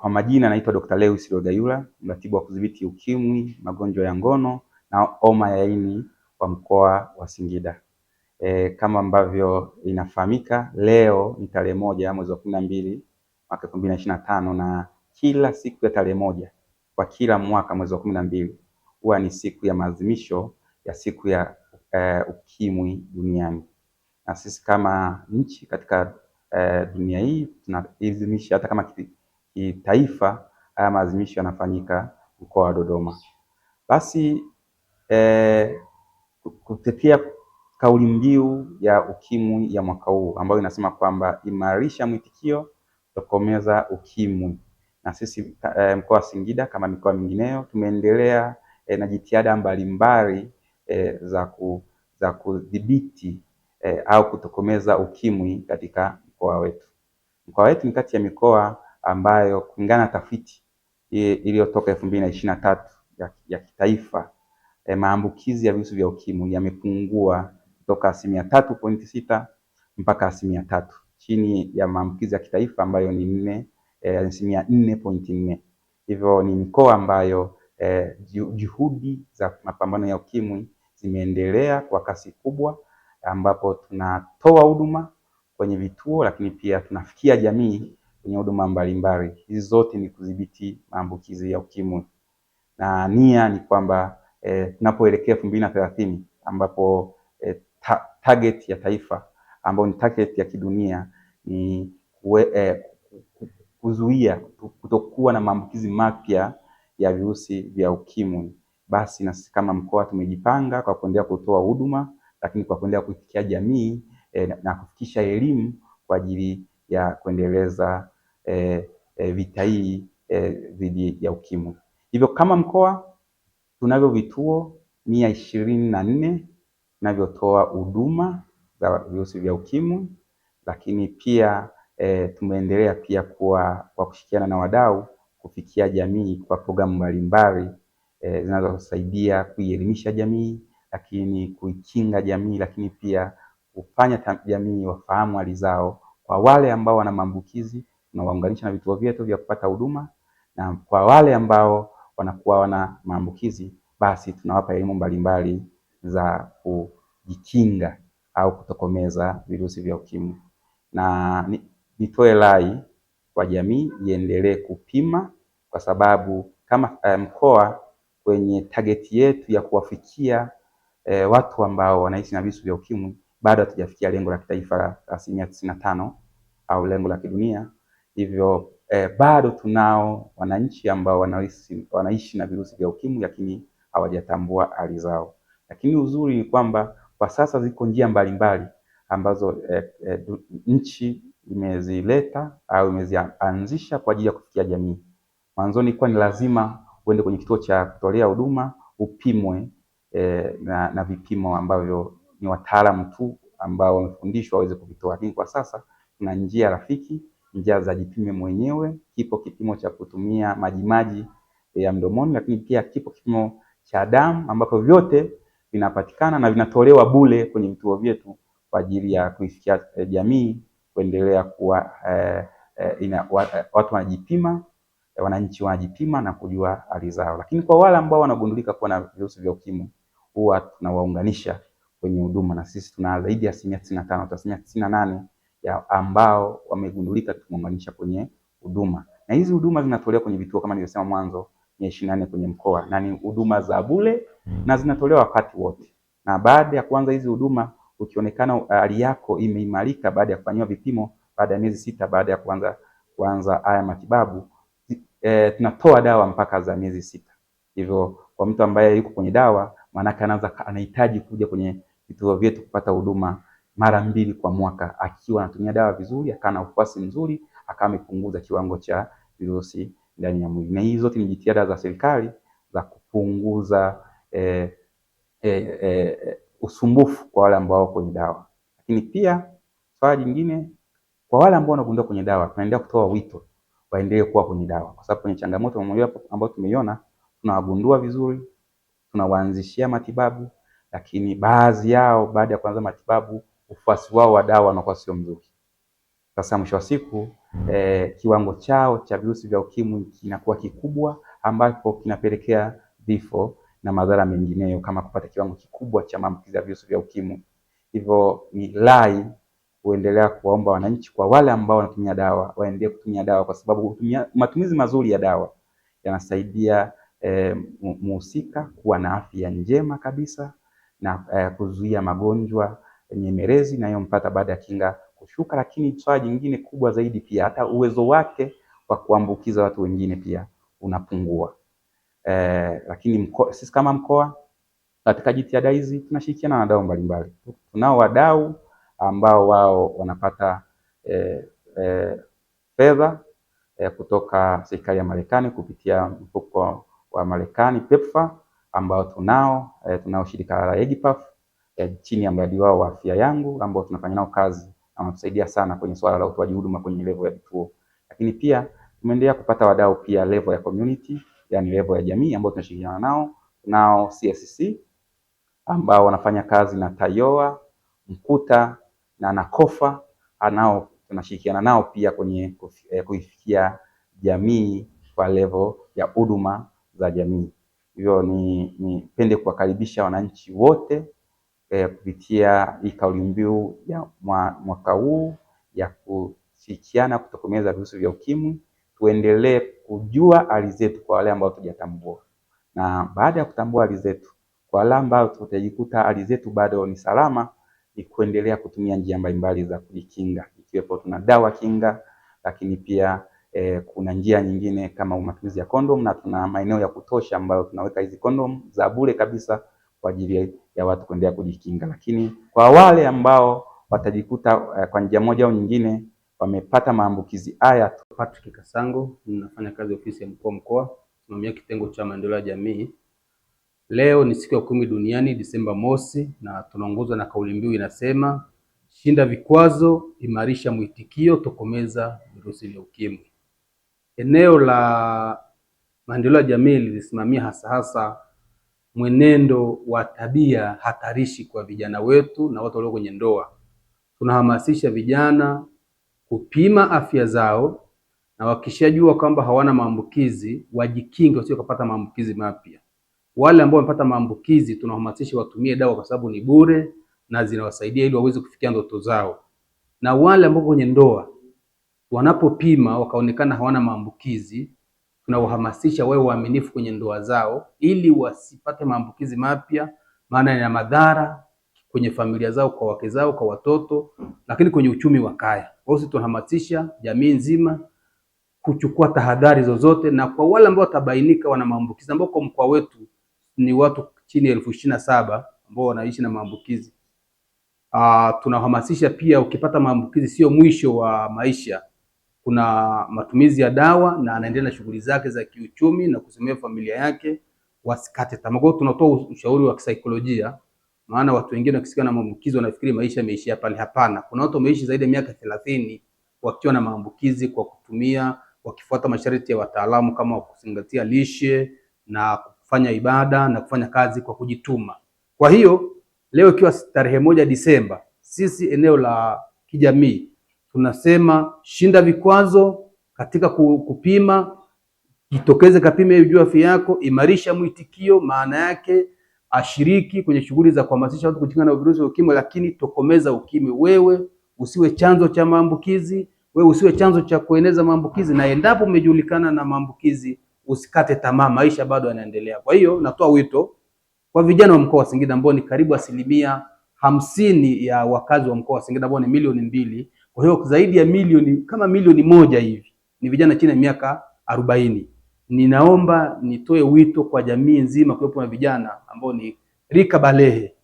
Kwa majina naitwa Dr. Lewis rogayula mratibu wa kudhibiti ukimwi, magonjwa ya ngono na homa ya ini wa mkoa wa Singida. E, kama ambavyo inafahamika leo ni tarehe moja mwezi wa kumi na mbili mwaka elfu mbili na ishirini na tano na kila siku ya tarehe moja kwa kila mwaka mwezi wa kumi na mbili huwa ni siku ya maadhimisho ya siku ya e, ukimwi duniani na sisi kama nchi katika e, dunia hii tunaadhimisha hata kama kitaifa, haya maadhimisho yanafanyika mkoa wa Dodoma. Basi eh, kutetea kauli mbiu ya ukimwi ya mwaka huu ambayo inasema kwamba imarisha mwitikio, tokomeza ukimwi. Na sisi eh, mkoa wa Singida kama mikoa mingineyo tumeendelea eh, na jitihada mbalimbali eh, za ku, za kudhibiti eh, au kutokomeza ukimwi katika mkoa wetu. Mkoa wetu ni kati ya mikoa ambayo kulingana na tafiti iliyotoka elfu mbili na ishirini na tatu ya, ya kitaifa eh, maambukizi ya virusi vya ukimwi yamepungua kutoka asilimia tatu pointi sita mpaka asilimia tatu chini ya maambukizi ya kitaifa ambayo ni nne eh, asilimia nne pointi nne. Hivyo ni mikoa ambayo eh, juhudi za mapambano ya ukimwi zimeendelea kwa kasi kubwa, ambapo tunatoa huduma kwenye vituo, lakini pia tunafikia jamii kwenye huduma mbalimbali. Hizi zote ni kudhibiti maambukizi ya ukimwi, na nia ni kwamba eh, tunapoelekea elfu mbili na thelathini ambapo e, ta, target ya taifa ambayo ni target ya kidunia ni kue, e, kuzuia kutokuwa na maambukizi mapya ya virusi vya ukimwi. Basi na sisi kama mkoa tumejipanga kwa kuendelea kutoa huduma, lakini kwa kuendelea kufikia jamii e, na kufikisha elimu kwa ajili ya kuendeleza eh, eh, vita hii eh, dhidi eh, ya ukimwi. Hivyo kama mkoa tunavyo vituo mia ishirini na nne vinavyotoa huduma za virusi vya ukimwi, lakini pia eh, tumeendelea pia kuwa kwa kushirikiana na wadau kufikia jamii kwa programu mbalimbali eh, zinazosaidia kuielimisha jamii, lakini kuikinga jamii, lakini pia kufanya jamii wafahamu hali zao kwa wale ambao wana maambukizi tunawaunganisha na vituo vyetu vya kupata huduma, na kwa wale ambao wanakuwa wana maambukizi basi tunawapa elimu mbalimbali za kujikinga au kutokomeza virusi vya UKIMWI. Na nitoe rai kwa jamii iendelee kupima, kwa sababu kama eh, mkoa kwenye tageti yetu ya kuwafikia eh, watu ambao wanaishi na virusi vya UKIMWI bado hatujafikia lengo la kitaifa la asilimia tisini na tano au lengo la kidunia. Hivyo eh, bado tunao wananchi ambao wanaishi, wanaishi na virusi vya ukimwi lakini hawajatambua hali zao. Lakini uzuri ni kwamba kwa sasa ziko njia mbalimbali ambazo eh, eh, nchi imezileta au imezianzisha kwa ajili ya kufikia jamii. Mwanzoni ilikuwa ni lazima uende kwenye kituo cha kutolea huduma upimwe eh, na, na vipimo ambavyo ni wataalamu tu ambao wamefundishwa waweze kuvitoa, lakini kwa sasa na njia rafiki, njia za jipime mwenyewe. Kipo kipimo cha kutumia majimaji ya mdomoni, lakini pia kipo kipimo cha damu ambapo vyote vinapatikana na vinatolewa bure kwenye vituo vyetu kwa ajili ya kuifikia eh, jamii kuendelea kuwa eh, eh, ina, eh, watu wanajipima eh, wananchi wanajipima na kujua hali zao. Lakini kwa wale ambao wanagundulika kuwa na virusi vya ukimwi huwa tunawaunganisha kwenye huduma, na sisi tuna zaidi ya asilimia tisini na tano asilimia tisini na nane ya ambao wamegundulika tukimuunganisha kwenye huduma, na hizi huduma zinatolewa kwenye vituo kama nilivyosema mwanzo mia ishirini na nne kwenye mkoa na ni huduma za bure hmm. na zinatolewa wakati wote. Na baada ya kuanza hizi huduma, ukionekana uh, hali yako imeimarika baada ya kufanyiwa vipimo, baada ya miezi sita baada ya kuanza kuanza haya matibabu e, tunatoa dawa mpaka za miezi sita. Hivyo kwa mtu ambaye yuko kwenye dawa, maanake anaanza anahitaji kuja kwenye vituo vyetu kupata huduma mara mbili kwa mwaka, akiwa anatumia dawa vizuri, akawa na ufuasi mzuri, akawa amepunguza kiwango cha virusi ndani ya mwili. Na hizi zote ni jitihada za serikali za kupunguza eh, eh, eh, usumbufu kwa wale ambao wako kwenye dawa. Lakini pia swala jingine kwa wale ambao wanagundua kwenye dawa, tunaendelea kutoa wito waendelee kuwa kwenye dawa, kwa sababu kwenye changamoto mmoja ambao tumeiona, tunawagundua vizuri, tunawaanzishia matibabu lakini baadhi yao baada ya kuanza matibabu ufuasi wao wa dawa unakuwa sio mzuri. Sasa mwisho wa siku hmm. eh, kiwango chao cha virusi vya ukimwi kinakuwa kikubwa, ambapo kinapelekea vifo na madhara mengineyo kama kupata kiwango kikubwa cha maambukizi ya virusi vya ukimwi. Hivyo ni lai kuendelea kuwaomba wananchi, kwa wale ambao wanatumia dawa waendelee kutumia dawa, kwa sababu matumizi mazuri ya dawa yanasaidia eh, muhusika kuwa na afya njema kabisa na eh, kuzuia magonjwa nyemelezi inayompata baada ya kinga kushuka. Lakini swala jingine kubwa zaidi pia, hata uwezo wake wa kuambukiza watu wengine pia unapungua. Eh, lakini mko, sisi kama mkoa katika jitihada hizi tunashirikiana na wadau mbalimbali. Tunao wadau ambao wao wanapata eh, eh, fedha eh, kutoka serikali ya Marekani kupitia mfuko wa Marekani PEPFAR ambao tunao e, tunao shirika la EGPAF e, eh, chini ya mradi wao wa afya yangu ambao tunafanya nao kazi, na wanatusaidia sana kwenye swala la utoaji huduma kwenye level ya vituo, lakini pia tumeendelea kupata wadau pia level ya community, yani level ya jamii ambao tunashirikiana nao. Tunao CSC ambao wanafanya kazi na Tayoa Mkuta na Nakofa anao tunashirikiana nao pia kwenye eh, kuifikia jamii kwa level ya huduma za jamii. Hivyo nipende ni kuwakaribisha wananchi wote eh, kupitia hii kauli mbiu ya mwaka huu ya kushirikiana kutokomeza virusi vya UKIMWI. Tuendelee kujua hali zetu kwa wale ambao tujatambua, na baada ya kutambua hali zetu, kwa wale ambao tutajikuta hali zetu bado ni salama, ni kuendelea kutumia njia mbalimbali za kujikinga, ikiwepo tuna dawa kinga, lakini pia E, kuna njia nyingine kama matumizi ya kondom na tuna maeneo ya kutosha ambayo tunaweka hizi kondom za bure kabisa kwa ajili ya watu kuendelea kujikinga. Lakini kwa wale ambao watajikuta e, kwa njia moja au nyingine wamepata maambukizi haya. Patrick Kasango, ninafanya kazi ofisi ya mkuu wa mkoa, simamia kitengo cha maendeleo ya jamii. Leo ni siku ya kumi duniani, Disemba mosi, na tunaongozwa na kauli mbiu inasema, shinda vikwazo, imarisha mwitikio, tokomeza virusi vya ukimwi. Eneo la maendeleo ya jamii lilisimamia hasa hasa mwenendo wa tabia hatarishi kwa vijana wetu na watu walio kwenye ndoa. Tunahamasisha vijana kupima afya zao na wakishajua kwamba hawana maambukizi wajikinge wasio kupata maambukizi mapya. Wale ambao wamepata maambukizi tunahamasisha watumie dawa kwa sababu ni bure na zinawasaidia ili waweze kufikia ndoto zao, na wale ambao kwenye ndoa Wanapopima wakaonekana hawana maambukizi, tunawahamasisha wawe waaminifu kwenye ndoa zao ili wasipate maambukizi mapya, maana ya madhara kwenye familia zao, kwa wake zao, kwa watoto, lakini kwenye uchumi wa kaya. Kwa hiyo tunahamasisha jamii nzima kuchukua tahadhari zozote, na kwa wale ambao watabainika wana maambukizi, ambao kwa mkoa wetu ni watu chini ya elfu ishirini na saba ambao wanaishi na maambukizi. Ah, tunahamasisha pia, ukipata maambukizi sio mwisho wa maisha, kuna matumizi ya dawa na anaendelea na shughuli zake za kiuchumi na kusimamia familia yake, wasikate tamaa. Kwa tunatoa ushauri wa kisaikolojia, maana watu wengine wakisikia na maambukizi wanafikiri maisha yameishia pale. Hapana, kuna watu wameishi zaidi ya miaka thelathini wakiwa na maambukizi kwa kutumia, wakifuata masharti ya wataalamu kama kuzingatia lishe na kufanya ibada na kufanya kazi kwa kujituma. Kwa hiyo leo ikiwa tarehe moja Disemba, sisi eneo la kijamii tunasema shinda vikwazo katika kupima, jitokeze kapime, ujue afya yako. Imarisha mwitikio, maana yake ashiriki kwenye shughuli za kuhamasisha watu kujikinga na virusi vya ukimwi, lakini tokomeza ukimwi. Wewe usiwe chanzo cha maambukizi, wewe usiwe chanzo cha kueneza maambukizi, na endapo umejulikana na maambukizi usikate tamaa, maisha bado yanaendelea. Kwa hiyo natoa wito kwa vijana wa mkoa wa Singida ambao ni karibu asilimia hamsini ya wakazi wa mkoa wa Singida ambao ni milioni mbili kwa hiyo zaidi ya milioni kama milioni moja hivi ni vijana chini ya miaka arobaini. Ninaomba nitoe wito kwa jamii nzima, kuwepo na vijana ambao ni rika balehe,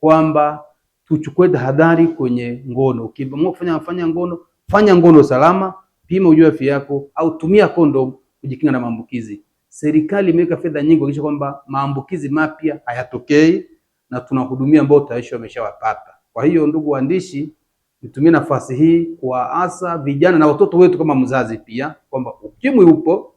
kwamba tuchukue tahadhari kwenye ngono. Ukiamua kufanya fanya ngono, fanya ngono salama, pima ujue afya yako, au tumia kondom kujikinga na maambukizi. Serikali imeweka fedha nyingi kuhakikisha kwamba maambukizi mapya hayatokei na tunahudumia ambao tayari wameshawapata. Kwa hiyo ndugu waandishi nitumie nafasi hii kuwaasa vijana na watoto wetu kama mzazi pia, kwamba ukimwi upo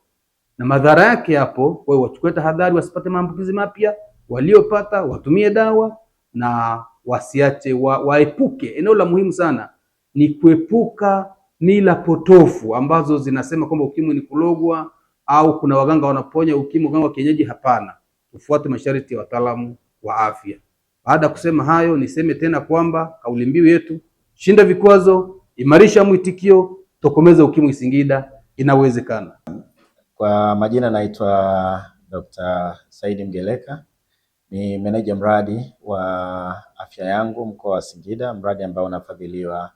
na madhara yake yapo. Kwa hiyo wachukue tahadhari, wasipate maambukizi mapya, waliopata watumie dawa na wasiache wa, waepuke. Eneo la muhimu sana ni kuepuka mila potofu ambazo zinasema kwamba ukimwi ni kulogwa au kuna waganga wanaponya ukimwi, waganga wa kienyeji. Hapana, ufuate masharti ya wataalamu wa afya. Baada ya kusema hayo, niseme tena kwamba kauli mbiu yetu Shinda vikwazo, imarisha mwitikio, tokomeza ukimwi Singida, inawezekana. Kwa majina naitwa Dr. Saidi Mgeleka, ni meneja mradi wa afya yangu mkoa wa Singida, mradi ambao unafadhiliwa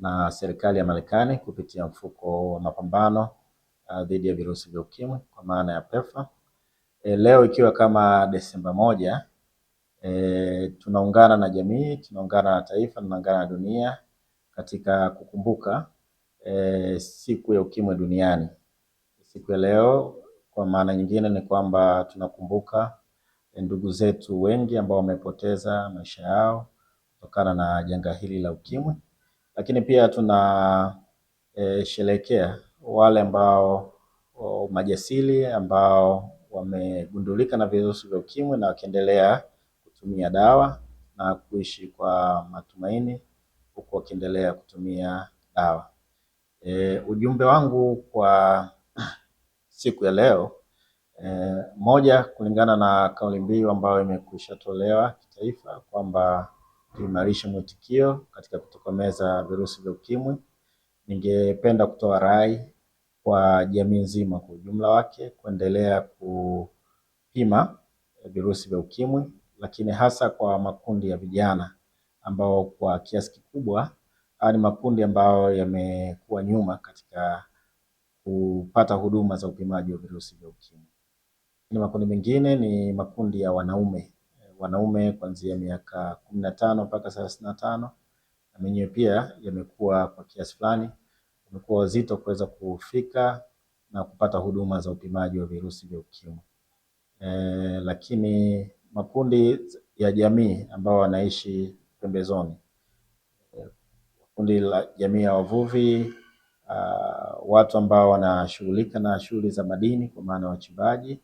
na serikali ya Marekani kupitia mfuko wa mapambano uh, dhidi ya virusi vya ukimwi kwa maana ya PEPFAR. E, leo ikiwa kama Desemba moja E, tunaungana na jamii, tunaungana na taifa, tunaungana na dunia katika kukumbuka e, siku ya ukimwi duniani. Siku ya leo kwa maana nyingine ni kwamba tunakumbuka e, ndugu zetu wengi ambao wamepoteza maisha yao kutokana na janga hili la ukimwi, lakini pia tuna e, sherehekea wale ambao majasiri ambao wamegundulika na virusi vya ukimwi na wakiendelea kutumia dawa na kuishi kwa matumaini huku wakiendelea kutumia dawa. E, ujumbe wangu kwa siku ya leo e, moja, kulingana na kauli mbiu ambayo imekwisha tolewa kitaifa kwamba tuimarishe mwitikio katika kutokomeza virusi vya ukimwi, ningependa kutoa rai kwa jamii nzima kwa ujumla wake kuendelea kupima virusi vya ukimwi lakini hasa kwa makundi ya vijana ambao kwa kiasi kikubwa ni makundi ambayo yamekuwa nyuma katika kupata huduma za upimaji wa virusi vya ukimwi. Ni makundi mengine ni makundi ya wanaume, wanaume kuanzia miaka kumi na tano mpaka thelathini na tano na menyewe pia yamekuwa kwa kiasi fulani imekuwa wazito kuweza kufika na kupata huduma za upimaji wa virusi vya ukimwi e, lakini makundi ya jamii ambao wanaishi pembezoni, kundi la jamii ya wavuvi, uh, watu ambao wanashughulika na shughuli za madini kwa maana wachimbaji,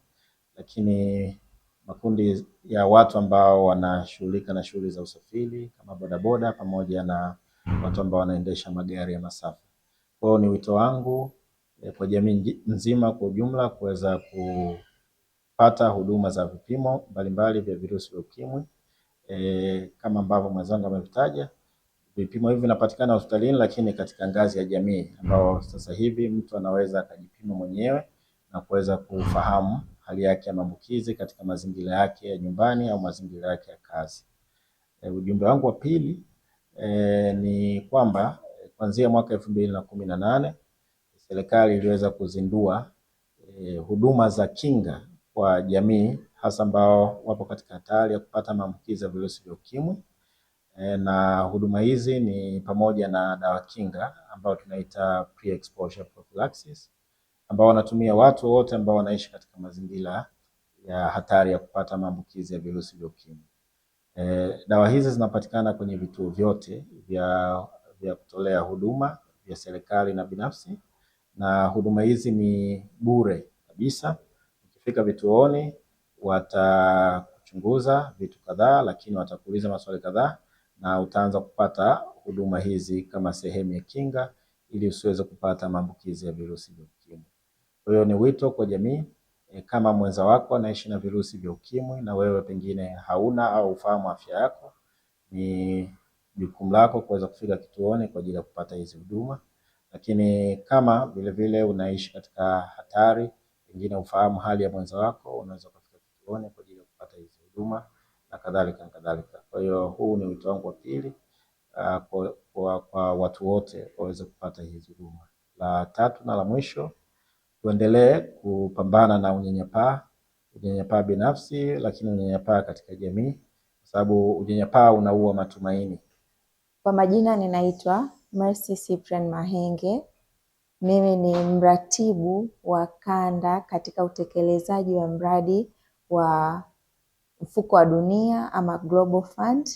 lakini makundi ya watu ambao wanashughulika na shughuli za usafiri kama bodaboda pamoja na watu ambao wanaendesha magari ya masafa. Kwa hiyo ni wito wangu eh, kwa jamii nzima kwa ujumla kuweza ku kupata huduma za vipimo mbalimbali vya virusi vya ukimwi e, kama ambavyo mwenzangu amevitaja. Vipimo hivi vinapatikana hospitalini, lakini katika ngazi ya jamii ambao sasa hivi mtu anaweza akajipima mwenyewe na kuweza kufahamu hali yake ya maambukizi katika mazingira yake ya nyumbani au mazingira yake ya kazi. E, ujumbe wangu wa pili e, ni kwamba kuanzia mwaka elfu mbili na kumi na nane serikali iliweza kuzindua e, huduma za kinga kwa jamii hasa ambao wapo katika hatari ya kupata maambukizi ya virusi vya ukimwi. E, na huduma hizi ni pamoja na dawa kinga ambayo tunaita pre-exposure prophylaxis, ambao wanatumia watu wote ambao wanaishi katika mazingira ya hatari ya kupata maambukizi ya virusi vya ukimwi. E, dawa hizi zinapatikana kwenye vituo vyote vya, vya kutolea huduma vya serikali na binafsi, na huduma hizi ni bure kabisa Ukifika vituoni, watakuchunguza vitu kadhaa, lakini watakuuliza maswali kadhaa na utaanza kupata huduma hizi kama sehemu ya kinga ili usiweze kupata maambukizi ya virusi vya ukimwi. Kwa hiyo ni wito kwa jamii e, kama mwenza wako anaishi na virusi vya ukimwi na wewe pengine hauna au ufahamu afya yako, ni jukumu lako kuweza kufika kituoni kwa ajili ya kupata hizi huduma. Lakini kama vilevile unaishi katika hatari pengine ufahamu hali ya mwenza wako, unaweza kufika kituoni kwa ajili ya kupata hizo huduma na kadhalika kadhalika. Kwa hiyo huu ni wito wangu wa pili uh, kwa, kwa, kwa watu wote waweze kupata hizi huduma. La tatu na la mwisho, tuendelee kupambana na unyanyapaa, unyanyapaa binafsi, lakini unyanyapaa katika jamii, kwa sababu unyanyapaa unaua matumaini. Kwa majina ninaitwa Mercy Cyprian Mahenge mimi ni mratibu wa kanda katika utekelezaji wa mradi wa mfuko wa dunia ama Global Fund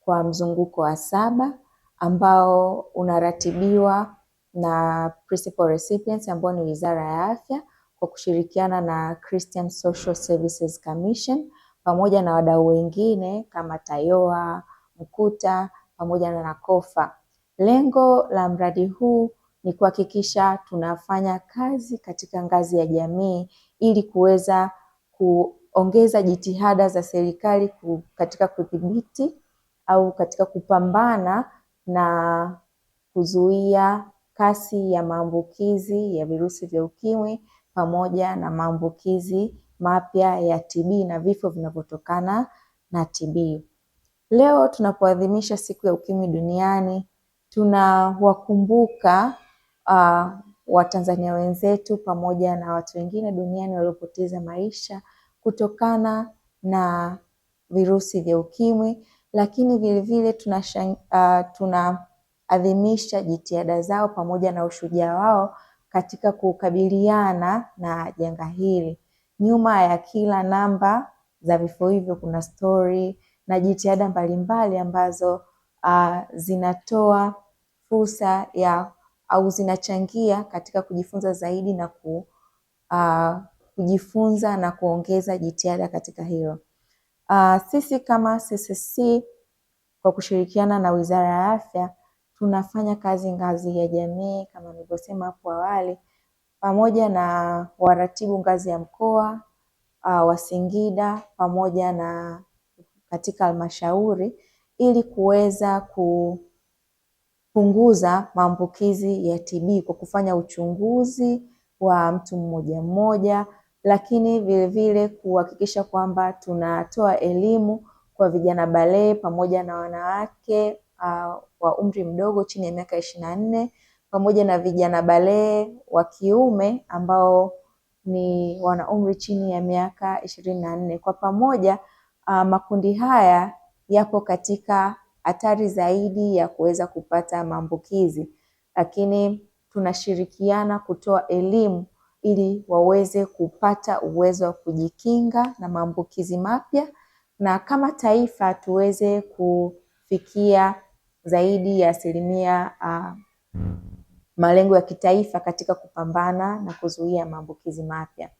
kwa mzunguko wa saba ambao unaratibiwa na principal recipients ambao ni Wizara ya Afya kwa kushirikiana na Christian Social Services Commission pamoja na wadau wengine kama TAYOA, Mkuta pamoja na nakofa Lengo la mradi huu ni kuhakikisha tunafanya kazi katika ngazi ya jamii ili kuweza kuongeza jitihada za serikali katika kudhibiti au katika kupambana na kuzuia kasi ya maambukizi ya virusi vya ukimwi pamoja na maambukizi mapya ya TB na vifo vinavyotokana na TB. Leo tunapoadhimisha siku ya ukimwi duniani tunawakumbuka uh, Watanzania wenzetu pamoja na watu wengine duniani waliopoteza maisha kutokana na virusi vya ukimwi, lakini vilevile tunaadhimisha uh, tunaadhimisha jitihada zao pamoja na ushujaa wao katika kukabiliana na janga hili. Nyuma ya kila namba za vifo hivyo kuna stori na jitihada mbalimbali ambazo uh, zinatoa fursa ya au zinachangia katika kujifunza zaidi na ku, uh, kujifunza na kuongeza jitihada katika hilo. Uh, sisi kama CCC kwa kushirikiana na Wizara ya Afya tunafanya kazi ngazi ya jamii kama nilivyosema hapo awali, pamoja na waratibu ngazi ya mkoa uh, wa Singida pamoja na katika halmashauri ili kuweza ku kupunguza maambukizi ya TB kwa kufanya uchunguzi wa mtu mmoja mmoja, lakini vilevile kuhakikisha kwamba tunatoa elimu kwa vijana balee pamoja na wanawake uh, wa umri mdogo chini ya miaka ishirini na nne pamoja na vijana balee wa kiume ambao ni wana umri chini ya miaka ishirini na nne. Kwa pamoja uh, makundi haya yapo katika hatari zaidi ya kuweza kupata maambukizi, lakini tunashirikiana kutoa elimu ili waweze kupata uwezo wa kujikinga na maambukizi mapya, na kama taifa tuweze kufikia zaidi ya asilimia uh, malengo ya kitaifa katika kupambana na kuzuia maambukizi mapya.